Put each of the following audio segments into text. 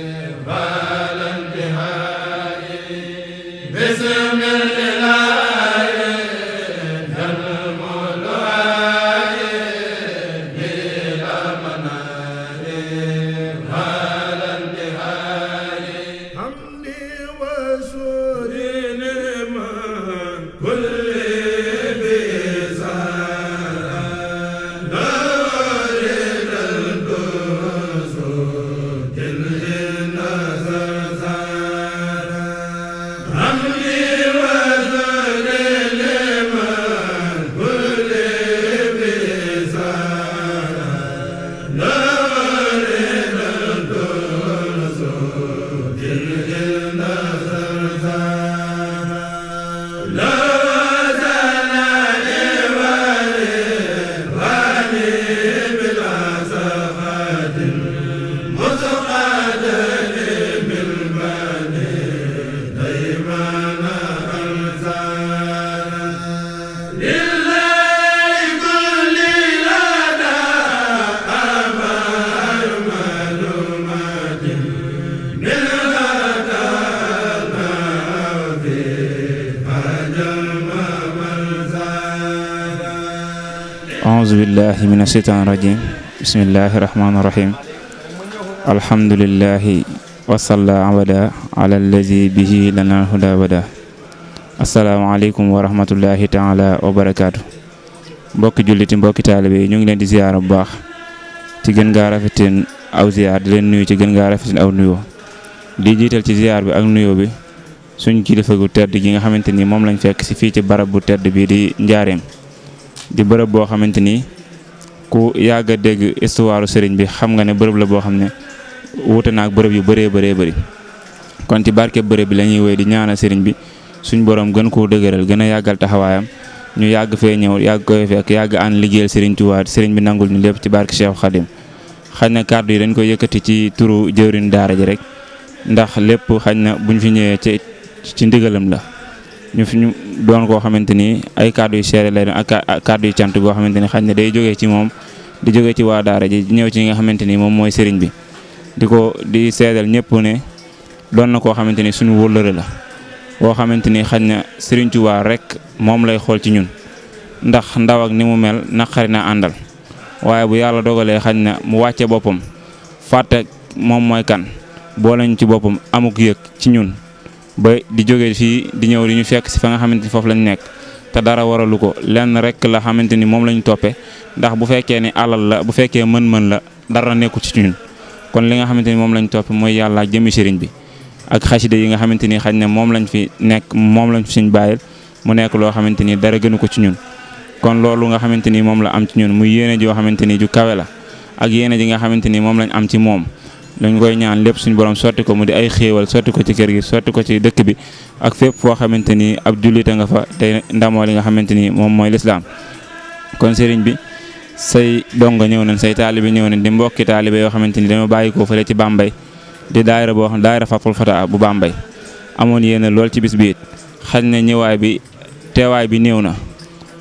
Eva auzu billahi min asheytaan rajim bismillahi rahmaani rahim alhamdulilahi wasalla abada ala allazi bihi lana huda bada asalaamaaleykum wa rahmatullahi taala wa mbokki julliti mbokki taalibe yi ñu ngi leen di ziyaara bu baax ci gën gaa rafeteen aw ziyaar di leen nuyu ci gën ngaa rafeteen aw nuyoo di jiital ci ziyaar bi ak nuyoo bi suñ kilifa gu tedd gi nga xamante ni moom lañ fekk ci fii ci barab bu tedd bii di njaareem di bërëb boo xamante ni ku yàgg dégg histoire sëriñ bi xam nga ne bërëb la boo xam ne wuute ak bërëb yu bëree bëree bëri kon ci barke bërëb bi la ñuy woy di ñaanal sëriñ bi suñ borom gën koo dëgëral gën a yàggal taxawaayam ñu yàgg fee ñëw yàgg koy fekk yàgg ànd liggéeyal sëriñ Tuubaa sëriñ bi nangul ñu lépp ci barke Cheikh Khadim xañ na kàddu yi dañ koy yëkkati ci turu jëwriñ daara ji rek ndax lépp xañ na buñ fi ñëwee ci ci ndigalam la ñu fi ñu doon koo xamante ni ay kàddu yu seere lay doon ak kàddu yu cant boo xamante ni xaj na day jógee ci moom di jógee ci waa daara ji ñëw ci nga xamante ni moom mooy sëriñ bi di ko di seedal ñëpp ne doon na koo xamante ni suñu wóllëre la boo xamante ni xaj na sëriñ Tuubaa rek moom lay xool ci ñun ndax ndaw ak ni mu mel naqari na àndal waaye bu yàlla dogalee xaj na mu wàcce boppam fàtte moom mooy kan boole ñu ci boppam amuk yëg ci ñun ba di jóge fii di ñëw di ñu fekk si fa nga xamante ni foofu lañ nekk te dara waralu ko lenn rek la xamante ni moom lañ toppee ndax bu fekkee ni alal la bu fekkee mën-mën la dara nekku ci ñun kon li nga xamante ni moom lañ toppee mooy yàlla ak jëmi bi ak xasida yi nga xamante ni xaj na moom lañ fi nekk moom lañ fi suñ bàyyil mu nekk loo xamante ni dara gënu ko ci ñun kon loolu nga xamante ni moom la am ci ñun muy yéene joo xamante ni ju kawe la ak yéene ji nga xamante ni moom lañ am ci moom dañ koy ñaan lépp suñu borom sotti ko mu di ay xéewal sotti ko ci kër gi sotti ko ci dëkk bi ak fépp foo xamante ni ab jullite nga fa te ndamoo li nga xamante ni moom mooy lislaam kon sëriñ bi say donga ñëw nañ say taalibe ñëw nañ di mbokki taalibe yoo xamante ni dañoo bàyyi ko fële ci Bambey di boo xam daayira bu Bambey amoon yéen lool ci bis bi it xaj na ñëwaay bi teewaay bi néew na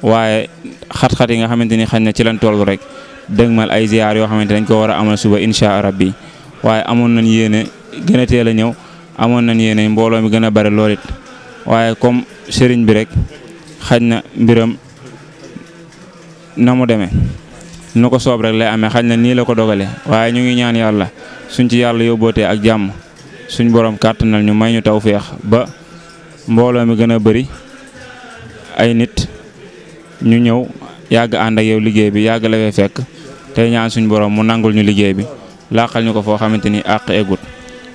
waaye xat-xat yi nga xamante ni xaj na ci lan toll rek dëgmal ay ziar yoo xamante dañ ko war a amal suba incha rabbi waaye amoon nañu yéene gën la teel ñëw amoon nañ yéene mbooloo mi gën a bare lool waaye comme sëriñ bi rek xaj na mbiram na mu deme nu ko soob rek lay amee xaj na nii la ko dogalee waaye ñu ngi ñaan yàlla suñ ci yàlla yóbbootee ak jàmm suñ borom kàttanal ñu may ñu tawféex ba mbooloo mi gën a bëri ay nit ñu ñëw yàgg ànd ak yow liggéey bi yàgg la fee fekk tey ñaan suñ borom mu nangul ñu liggéey bi làqal ñu ko foo xamante ni àq egut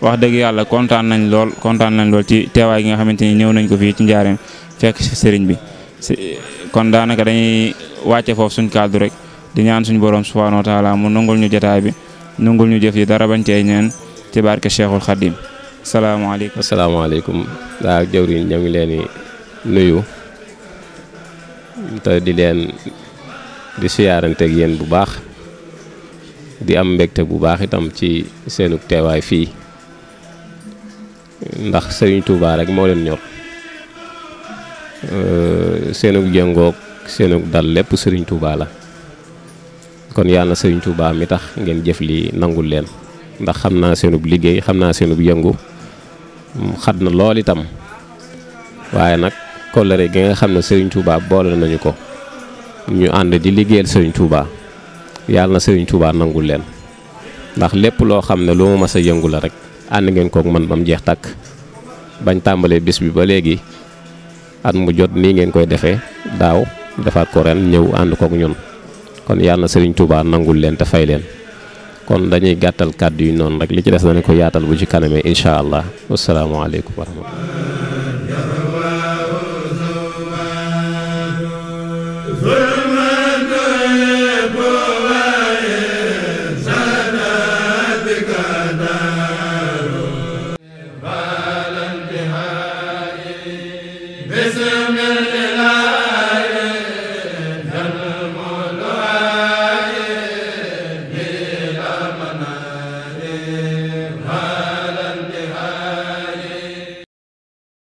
wax dëgg yàlla kontaan nañ lool kontaan nañ lool ci teewaay gi nga xamante ni ñëw nañ ko fii ci njaareem fekk sëriñ bi kon daanaka dañuy wàcce foofu suñ kàddu rek di ñaan suñu boroom subhaanahu mu nungul ñu jotaay bi nungul ñu jëf yi dara bañ cee ñeen ci barke Cheikhul Khadim salaamaaleykum. salaamaaleykum daa ak jawriñ ñoo ngi nuyu te di leen di siyaaranteeg yéen bu baax. di am mbégte bu baax itam ci seenug teewaay fii ndax sëriñ Touba rek moo leen ñor euh, seenug jëngook seenug dal lépp sëriñ Touba la kon yàlla na sëriñ Touba mi tax ngeen jëf li nangul leen ndax xam naa seenub liggéey xam naa seenub yëngu xat na lool itam waaye nag kóllëre gi nga xam ne sëriñ Touba boole nañu ko ñu ànd di liggéeyal sëriñ Touba. yàlla na sëriñ Touba nangul leen ndax lépp loo xam ne lu ma mas a yëngu la rek ànd ngeen kook man bam jeex tàkk bañ tàmbalee bis bi ba léegi at mu jot nii ngeen koy defee daaw defaat ko ren ñëw ànd kook ñun kon yàlla na sëriñ Touba nangul leen te fay leen kon dañuy gàttal kàddu yi noonu rek li ci des dana ko yaatal bu ci kanamee incha allah wasalaamaaleykum wa